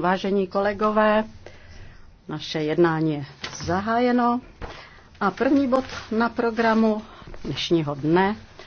Vážení kolegové, naše jednání je zahájeno a první bod na programu dnešního dne